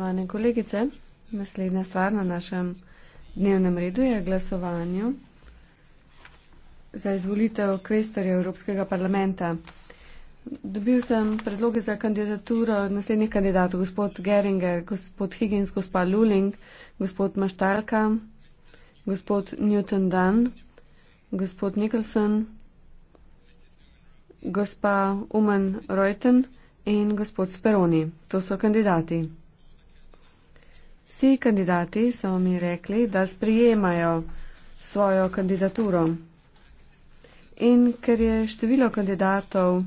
spoštovane kolegice. Naslednja stvar na našem dnevnem redu je glasovanje za izvolitev kvestarja Evropskega parlamenta. Dobil sem predloge za kandidaturo naslednjih kandidatov, gospod Geringer, gospod Higgins, gospod Luling, gospod Maštalka, gospod Newton Dunn, gospod Nicholson, gospa Uman Reuten in gospod Speroni. To so kandidati. Vsi kandidati so mi rekli, da sprijemajo svojo kandidaturo. In ker je število kandidatov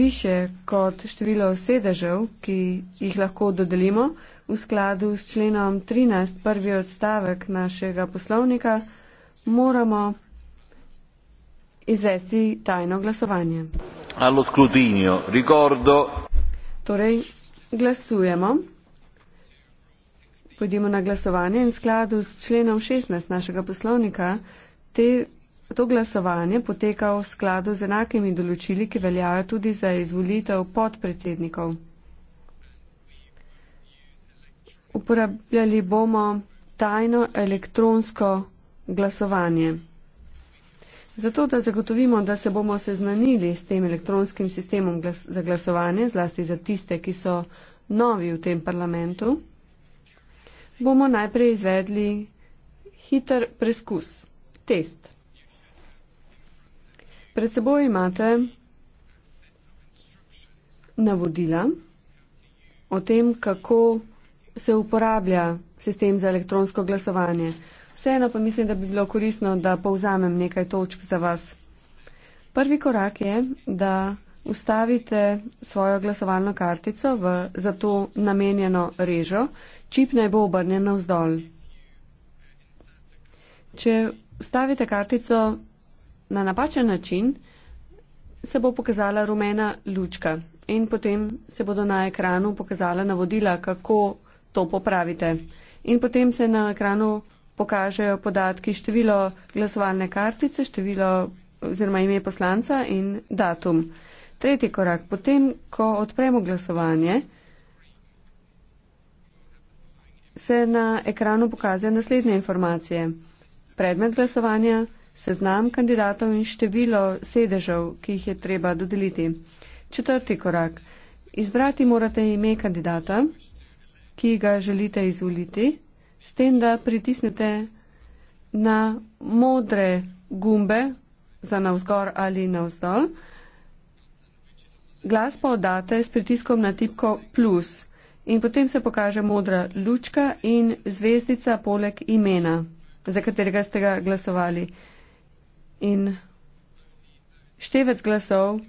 više kot število sedežev, ki jih lahko dodelimo, v skladu s členom 13. prvi odstavek našega poslovnika, moramo izvesti tajno glasovanje. Allo scrutinio, ricordo. Torej, glasujemo pojdimo na glasovanje in skladu s členom 16 našega poslovnika te, to glasovanje poteka v skladu z enakimi določili, ki veljajo tudi za izvolitev podpredsednikov. Uporabljali bomo tajno elektronsko glasovanje. Zato, da zagotovimo, da se bomo seznanili s tem elektronskim sistemom glas za glasovanje, zlasti za tiste, ki so novi v tem parlamentu, bomo najprej izvedli hiter preskus, test. Pred seboj imate navodila o tem, kako se uporablja sistem za elektronsko glasovanje. Vseeno pa mislim, da bi bilo koristno, da povzamem nekaj točk za vas. Prvi korak je, da ustavite svojo glasovalno kartico v za to namenjeno režo, čip naj bo obrnjen navzdol. Če ustavite kartico na napačen način, se bo pokazala rumena lučka in potem se bodo na ekranu pokazala navodila, kako to popravite. In potem se na ekranu pokažejo podatki število glasovalne kartice, število oziroma ime poslanca in datum. Tretji korak, potem, ko odpremo glasovanje, se na ekranu pokazajo naslednje informacije. Predmet glasovanja, seznam kandidatov in število sedežev, ki jih je treba dodeliti. Četrti korak, izbrati morate ime kandidata, ki ga želite izvoliti, s tem, da pritisnete na modre gumbe za navzgor ali navzdol. Glas pa oddate s pritiskom na tipko plus in potem se pokaže modra lučka in zvezdica poleg imena, za katerega ste ga glasovali. In števec glasov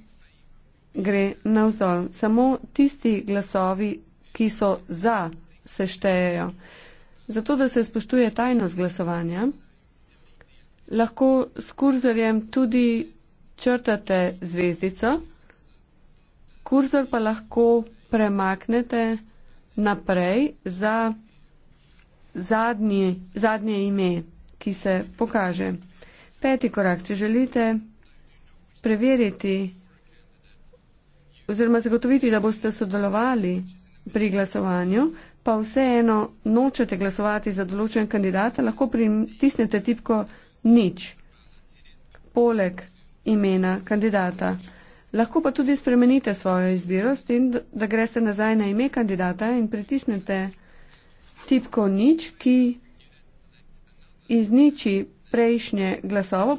gre navzdol. Samo tisti glasovi, ki so za, se štejejo. Zato, da se spoštuje tajnost glasovanja, lahko s kurzorjem tudi črtate zvezdico kurzor pa lahko premaknete naprej za zadnje, zadnje ime, ki se pokaže. Peti korak, če želite preveriti oziroma zagotoviti, da boste sodelovali pri glasovanju, pa vseeno nočete glasovati za določen kandidata, lahko pritisnete tipko nič poleg imena kandidata. Lahko pa tudi spremenite svojo izbiro s tem, da greste nazaj na ime kandidata in pritisnete tipko nič, ki izniči prejšnje glasovo,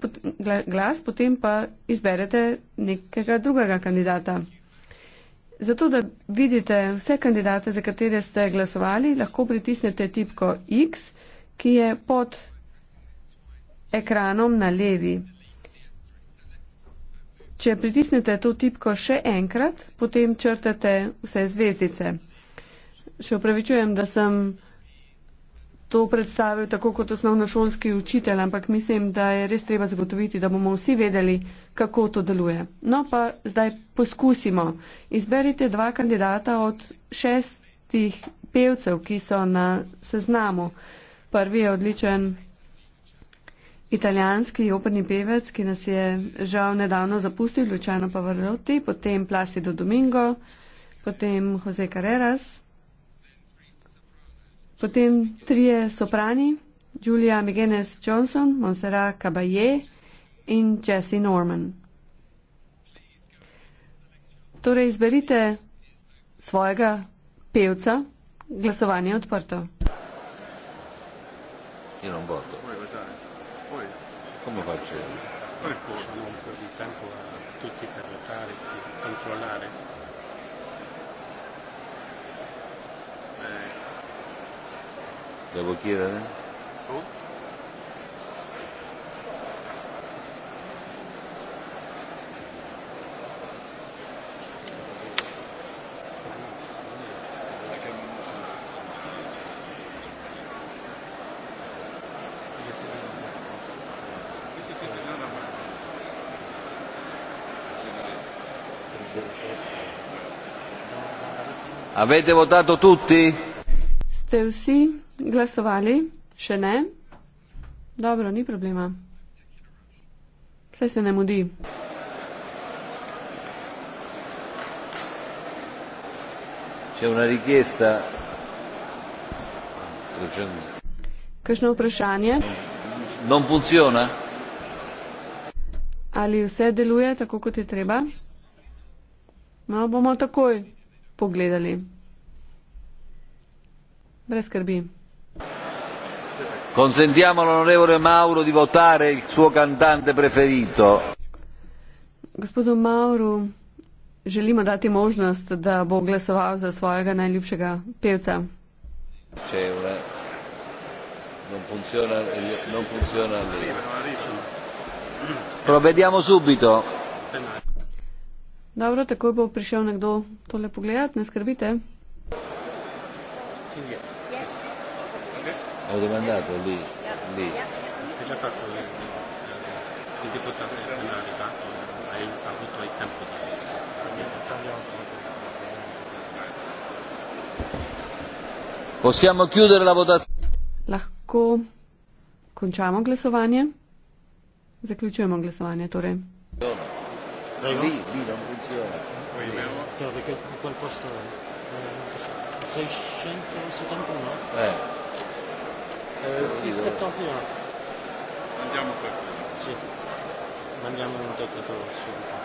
glas, potem pa izberete nekega drugega kandidata. Zato, da vidite vse kandidate, za katere ste glasovali, lahko pritisnete tipko X, ki je pod ekranom na levi. Če pritisnete to tipko še enkrat, potem črtate vse zvezdice. Še upravičujem, da sem to predstavil tako kot osnovnošolski učitelj, ampak mislim, da je res treba zagotoviti, da bomo vsi vedeli, kako to deluje. No pa zdaj poskusimo. Izberite dva kandidata od šestih pevcev, ki so na seznamu. Prvi je odličen Italijanski operni pevec, ki nas je žal nedavno zapustil, Lučano Pavarotti, potem Placido Domingo, potem Jose Carreras, potem trije soprani, Julia Migenes Johnson, Monserrat Caballé in Jesse Norman. Torej izberite svojega pevca, glasovanje je odprto. In on bo to come faccio io? non un di tempo a tutti per ruotare e controllare devo chiedere? Oh. Avete votato tutti? Ste vsi glasovali? Še ne? Dobro, ni problema. Vse se ne mudi. C'è una richiesta? Kakšno vprašanje? Non funziona? Ali vse deluje tako, kot je treba? No, bomo takoj pogledali. Brez skrbi. Consentiamo all'onorevole Mauro di votare il suo cantante preferito. Gospodu Mauro, želimo dati možnost, da bo glasoval za svojega najljubšega pevca. C'è una... Non funziona, non funziona lì. Provediamo subito. Dobro, takoj bo prišel nekdo tole pogledat, ne skrbite. Yeah. Ho domandato lì. lì. Hai già fatto il, il deputato è appena arrivato, hai avuto il tempo di Possiamo chiudere la votazione. Lahko končamo glasovanje? Zaključujemo glasovanje, torej. Lì, lì non funziona. Perché in quel posto è 671? Eh. 6 euh, 71 mandiamo qualcuno sì mandiamo un tecnico subito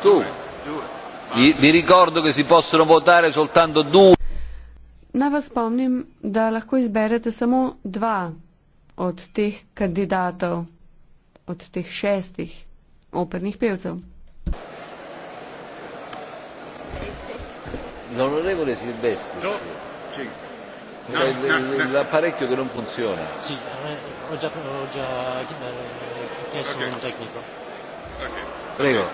tu vi, vi ricordo che si possono votare soltanto due Naj vas spomnim, da lahko izberete samo dva od teh kandidatov, od teh šestih opernih pevcev. L'onorevole Silvestri, no. sì. no, no, no. l'apparecchio che non funziona. Sì, eh, ho già, ho già eh, chiesto okay. un tecnico. Okay. Prego.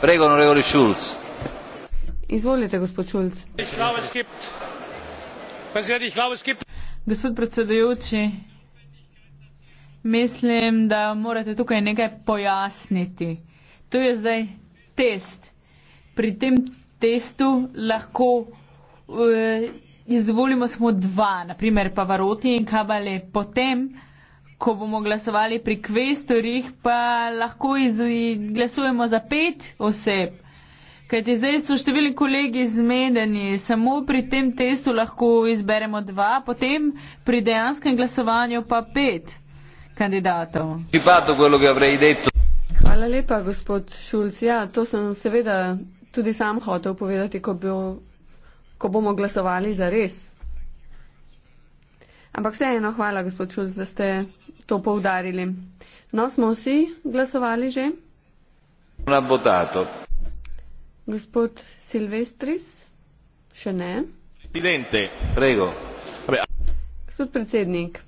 Prego, onorevole Schulz. Izvolite, gospod Schulz. Gospod predsedujoči mislim, da morate tukaj nekaj pojasniti. To je zdaj test. Pri tem testu lahko uh, izvolimo samo dva, naprimer Pavaroti in Kabale. Potem, ko bomo glasovali pri kvestorjih, pa lahko glasujemo za pet oseb. Kajti zdaj so številni kolegi zmedeni, samo pri tem testu lahko izberemo dva, potem pri dejanskem glasovanju pa pet kandidatov. Hvala lepa, gospod Šulc. Ja, to sem seveda tudi sam hotel povedati, ko, bo, ko bomo glasovali za res. Ampak vseeno, hvala, gospod Šulc, da ste to poudarili. No, smo vsi glasovali že? Votato. Gospod Silvestris? Še ne. Silente, prego. Gospod predsednik,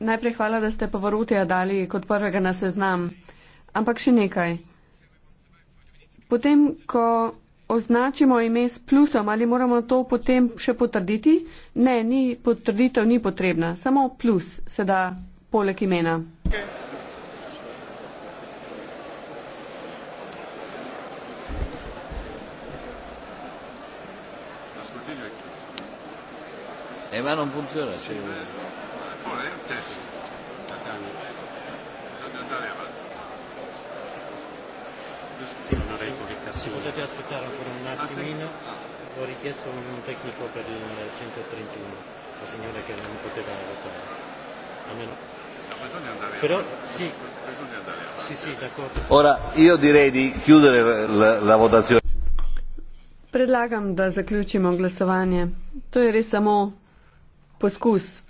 Najprej hvala, da ste Pavarotija dali kot prvega na seznam. Ampak še nekaj. Potem, ko označimo ime s plusom, ali moramo to potem še potrditi? Ne, ni, potrditev ni potrebna, samo plus se da poleg imena. Okay. Eh, e ma non funziona, sì. Cioè testi. Si potete aspettare ancora un attimino, ah, sì. ho richiesto un tecnico per il 131, la signora che non poteva lottare. Almeno. Però, sì. sì, sì, d'accordo. Ora io direi di chiudere la, la votazione. Predlagam, da zaključimo glasovanje. To je res samo poskus,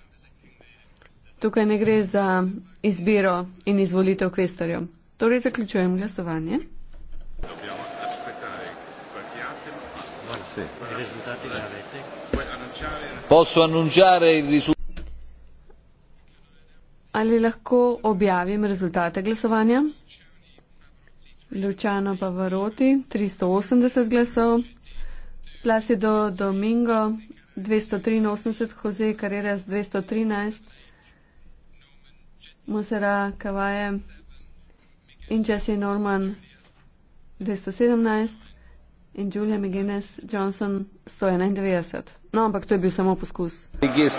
Tukaj ne gre za izbiro in izvolitev kvestarjev. Torej zaključujem glasovanje. Ali lahko objavim rezultate glasovanja? Lučano Pavaroti 380 glasov, Placido Domingo 283, Jose Carreras 213, Musera Kavaje in Jesse Norman 217 in Julia McGuinness Johnson 191. No, ampak to je bil samo poskus. Eh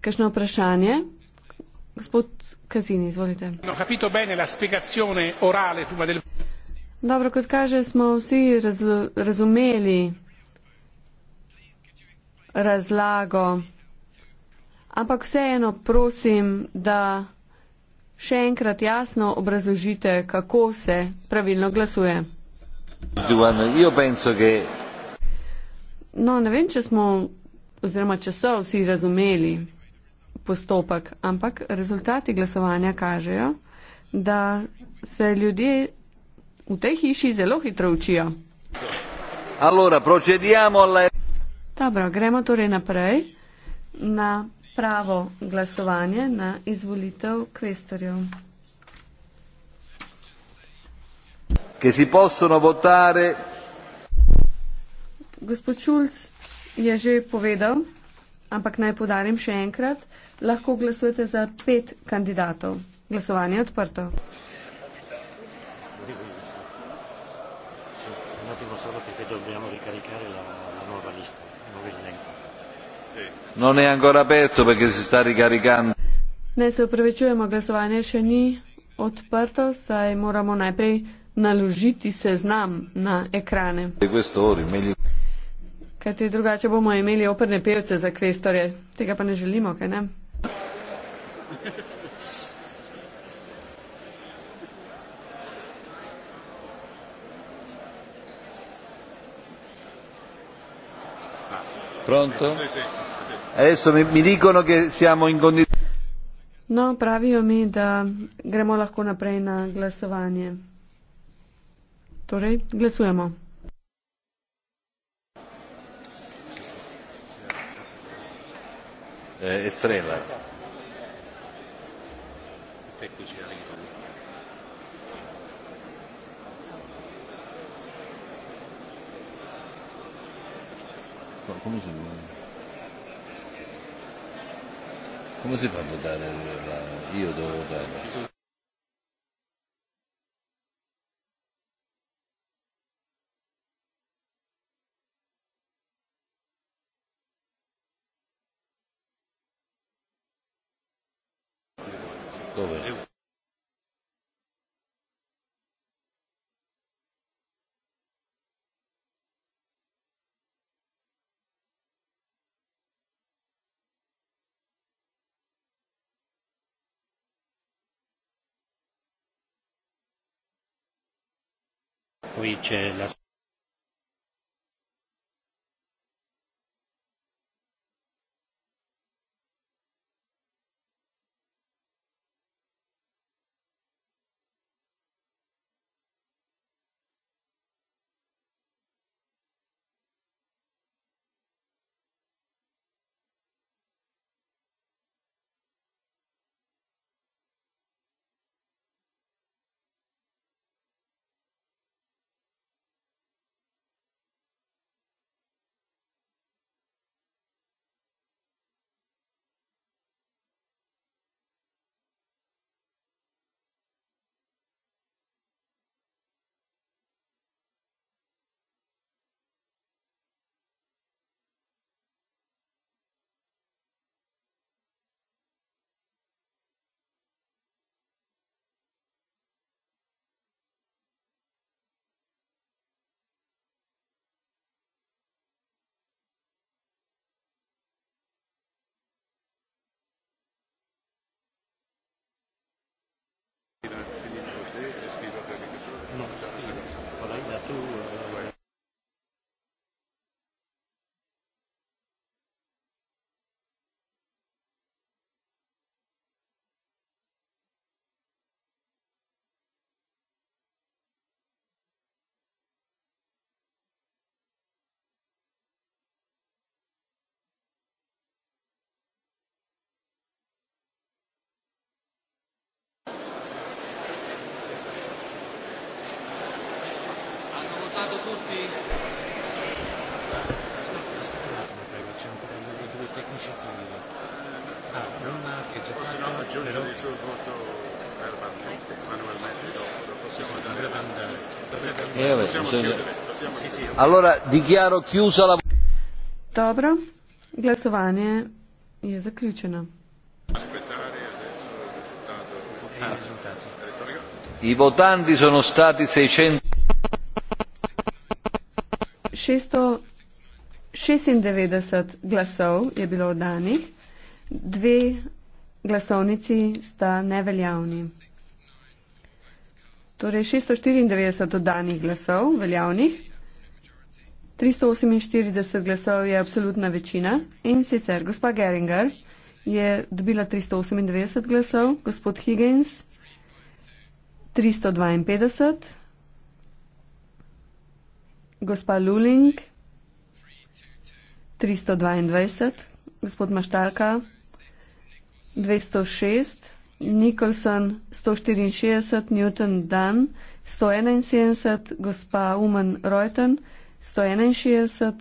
Kakšno vprašanje? Gospod Kazini, izvolite. Dobro, kot kaže, smo vsi razlo, razumeli razlago. Ampak vseeno prosim, da še enkrat jasno obrazložite, kako se pravilno glasuje. No, ne vem, če smo oziroma če so vsi razumeli postopek, ampak rezultati glasovanja kažejo, da se ljudje v tej hiši zelo hitro učijo. Allora, procediamo alla... Dobro, gremo torej naprej na pravo glasovanje, na izvolitev kvestorjev. Che si possono votare. Gospod Šulc je že povedal, ampak naj podarim še enkrat, lahko glasujete za pet kandidatov. Glasovanje je odprto. Dobro. Non è ancora aperto perché si sta ricaricando. Ne se opravičujemo, glasovanje še ni odprto, saj moramo najprej naložiti seznam na ekrane. Kaj ti drugače bomo imeli operne pevce za kvestore, tega pa ne želimo, kaj ne? No, pravijo mi, da gremo lahko naprej na glasovanje. Torej, glasujemo. Estrela. Eh, Eccoci arrivati. come si, come si fa a votare la, io devo votare Dove? qui c'è la aggiungere però... il suo voto verbalmente, manualmente dopo, lo possiamo sì, sì, andare. Dovrebbe andare. Dovrebbe andare. Eh, possiamo bisogna... chiudere. Possiamo sì, chiudere. Sì, sì. Allora dichiaro chiusa la Dobro. Glasovanie je zaključeno. Ah, I votanti sono stati 600. 696 glasov je bilo oddanih, dve glasovnici sta neveljavni. Torej 694 dodanih glasov veljavnih, 348 glasov je absolutna večina in sicer gospa Geringer je dobila 398 glasov, gospod Higgins 352, gospa Luling 322, gospod Maštalka 206, Nicholson 164, Newton Dunn 171, gospa Uman Reuten 161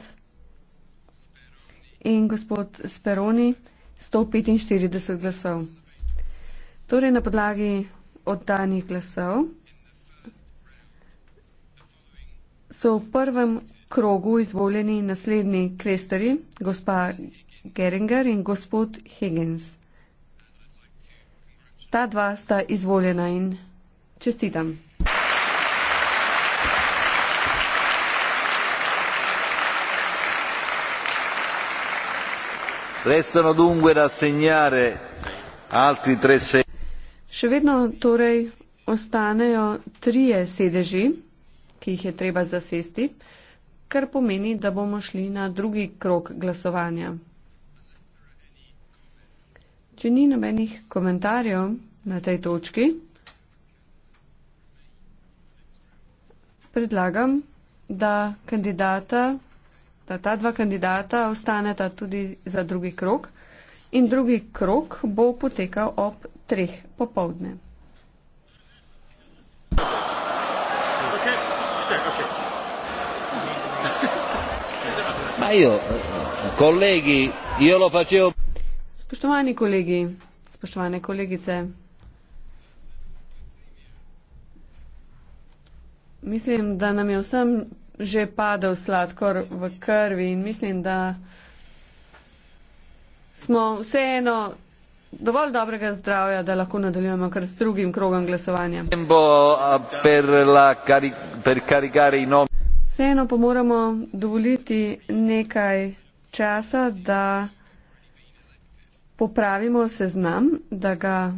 in gospod Speroni 145 glasov. Torej na podlagi oddanih glasov so v prvem krogu izvoljeni naslednji kresteri, gospa Geringer in gospod Higgins ta dva sta izvoljena in čestitam. Restano dunque da segnare altri tre sedi. Še vedno torej ostanejo trije sedeži, ki jih je treba zasesti, kar pomeni, da bomo šli na drugi krok glasovanja. Če ni nobenih komentarjev na tej točki, predlagam, da kandidata, da ta dva kandidata ostaneta tudi za drugi krok in drugi krok bo potekal ob treh popovdne. Ma io, colleghi, io lo facevo. Spoštovani kolegi, spoštovane kolegice. Mislim, da nam je vsem že padel sladkor v krvi in mislim, da smo vseeno dovolj dobrega zdravja, da lahko nadaljujemo kar s drugim krogom glasovanja. Vseeno pa moramo dovoliti nekaj časa, da popravimo seznam, da ga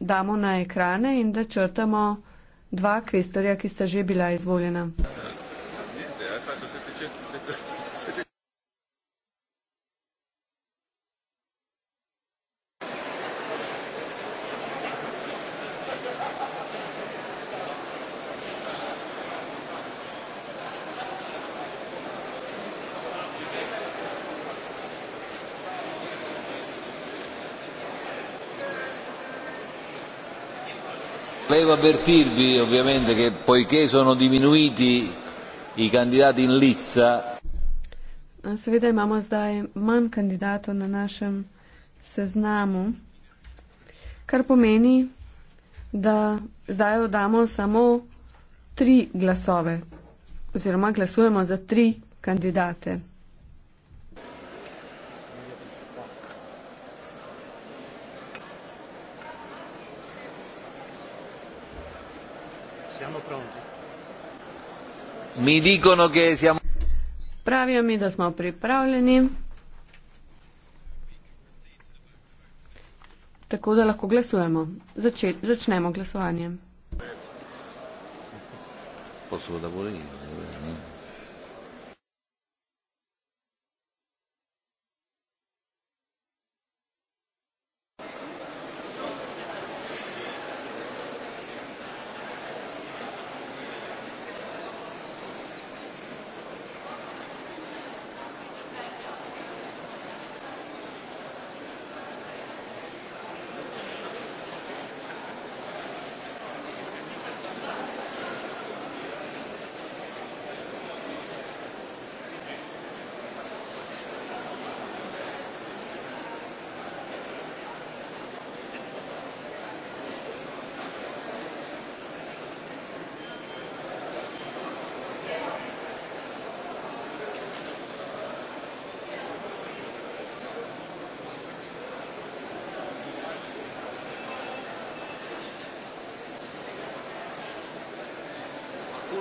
damo na ekrane in da črtamo dva kvestorja, ki sta že bila izvoljena. Volevo avvertirvi ovviamente che poiché sono diminuiti i candidati in lizza. Seveda imamo zdaj manj kandidatov na našem seznamu, kar pomeni, da zdaj oddamo samo tri glasove oziroma glasujemo za tri kandidate. Mi dicono che siamo... Pravijo mi, da smo pripravljeni. Tako da lahko glasujemo. Začet, začnemo glasovanje. Posluh, da bo nekaj.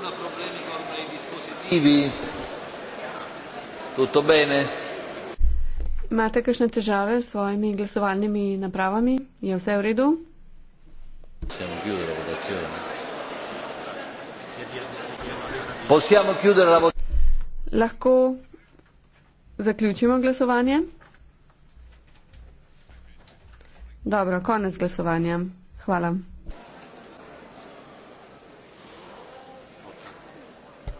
ancora problemi con i dispositivi? Tutto bene? Imate kakšne težave s svojimi glasovalnimi napravami? Je vse v redu? Possiamo chiudere la votazione. Possiamo chiudere la votazione. Lahko zaključimo glasovanje? Dobro, konec glasovanja. Hvala.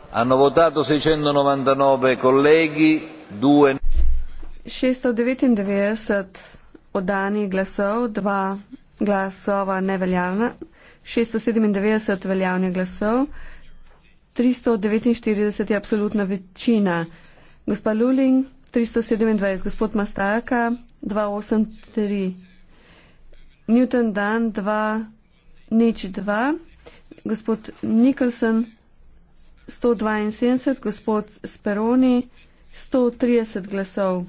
hanno votato 699 colleghi, 2 699 oddani glasov, 2 glasova neveljavna, 697 veljavnih glasov, 349 je absolutna večina. Gospa Lulin, 327, gospod Mastaka, 283, Newton Dan, 2, nič 2, gospod Nikolson, 172, gospod Speroni, 130 glasov.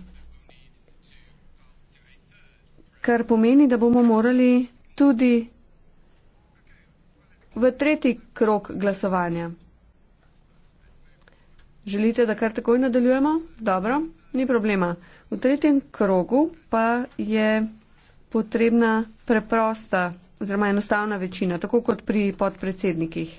Kar pomeni, da bomo morali tudi v tretji krok glasovanja. Želite, da kar takoj nadaljujemo? Dobro, ni problema. V tretjem krogu pa je potrebna preprosta oziroma enostavna večina, tako kot pri podpredsednikih.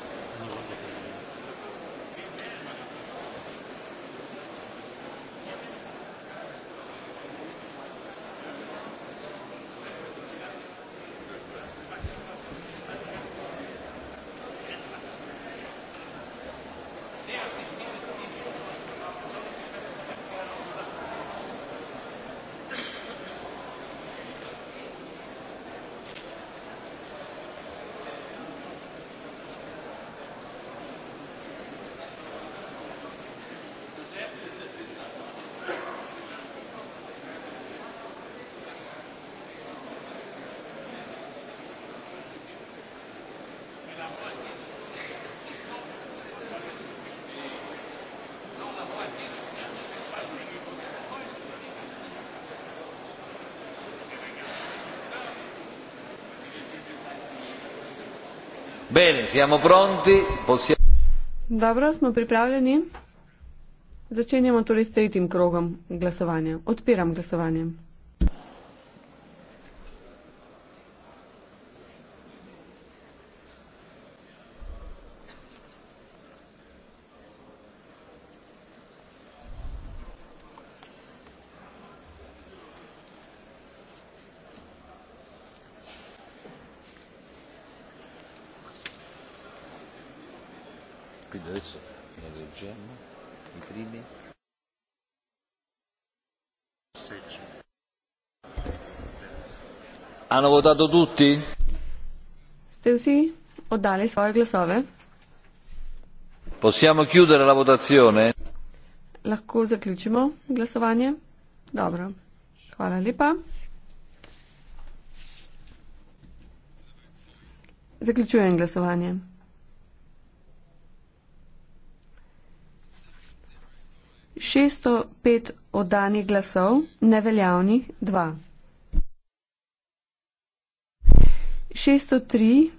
Bene, siamo pronti, possiamo... Dobro, smo pripravljeni. Začenjamo torej s tretjim krogom glasovanja. Odpiram glasovanje. Hanno votato tutti? Ste sì? O dare svoje glasove? Possiamo chiudere la votazione? Lahko zaključimo glasovanje? Dobro. Hvala lepa. Zaključujem glasovanje. Šesto pet oddanih glasov, neveljavnih dva. šeststo tri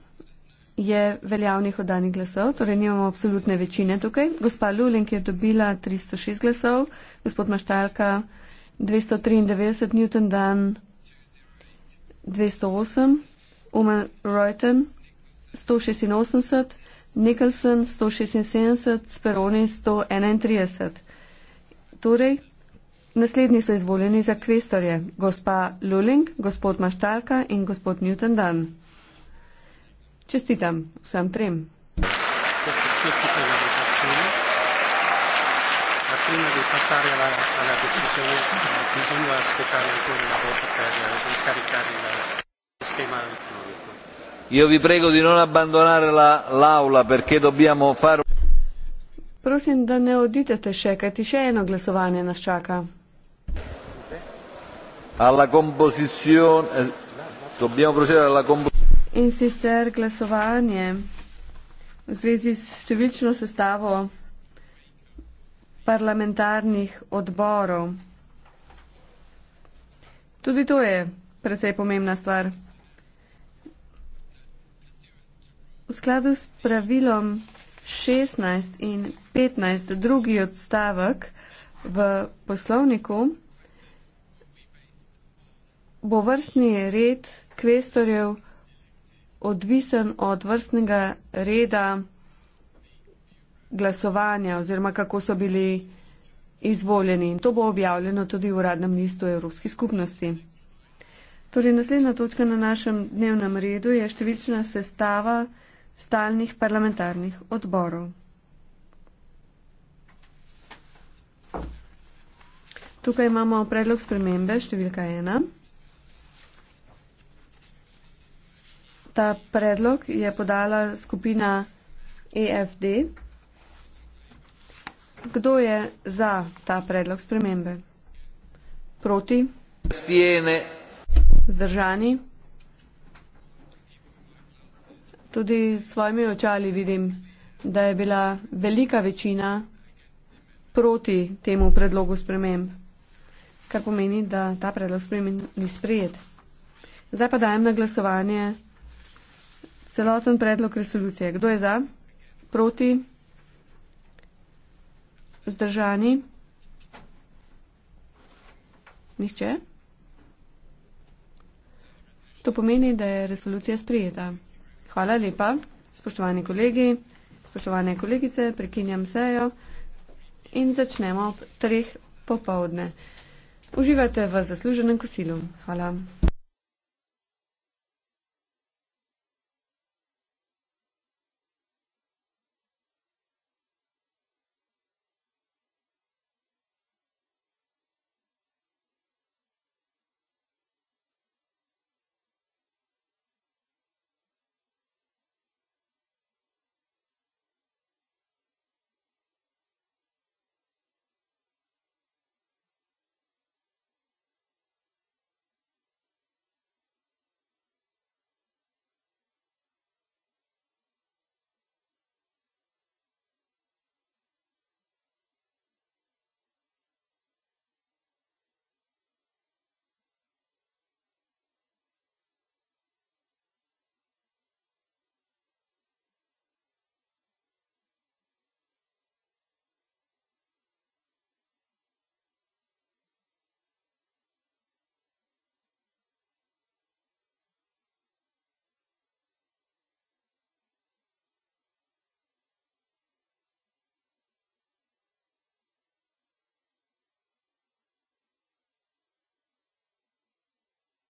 je veljavnih oddanih glasov, torej nimamo absolutne večine tukaj. Gospa Lulink je dobila 306 glasov, gospod Maštalka 293, Newton Dan 208, Oman Reuten 186, Nicholson 176, Speroni 131. Torej, naslednji so izvoljeni za kvestorje, gospa Lulink, gospod Maštalka in gospod Newton Dan. Čestitam vsem trem. Io vi prego di non abbandonare la, l'aula perché dobbiamo fare. Prosim, da ne odidete še, kaj ti še eno glasovanje nas čaka. Alla composizione. Eh, dobbiamo procedere alla composizione in sicer glasovanje v zvezi s številčno sestavo parlamentarnih odborov. Tudi to je precej pomembna stvar. V skladu s pravilom 16 in 15 drugi odstavek v poslovniku bo vrstni red kvestorjev odvisen od vrstnega reda glasovanja oziroma kako so bili izvoljeni. In to bo objavljeno tudi v uradnem listu Evropske skupnosti. Torej, naslednja točka na našem dnevnem redu je številčna sestava stalnih parlamentarnih odborov. Tukaj imamo predlog spremembe številka ena. Ta predlog je podala skupina EFD. Kdo je za ta predlog spremembe? Proti? Stijene. Zdržani? Tudi s svojimi očali vidim, da je bila velika večina proti temu predlogu sprememb, kar pomeni, da ta predlog sprememb ni sprejet. Zdaj pa dajem na glasovanje celoten predlog resolucije. Kdo je za? Proti? Zdržani? Nihče? To pomeni, da je resolucija sprijeta. Hvala lepa, spoštovani kolegi, spoštovane kolegice, prekinjam sejo in začnemo ob treh popovdne. Uživajte v zasluženem kosilu. Hvala.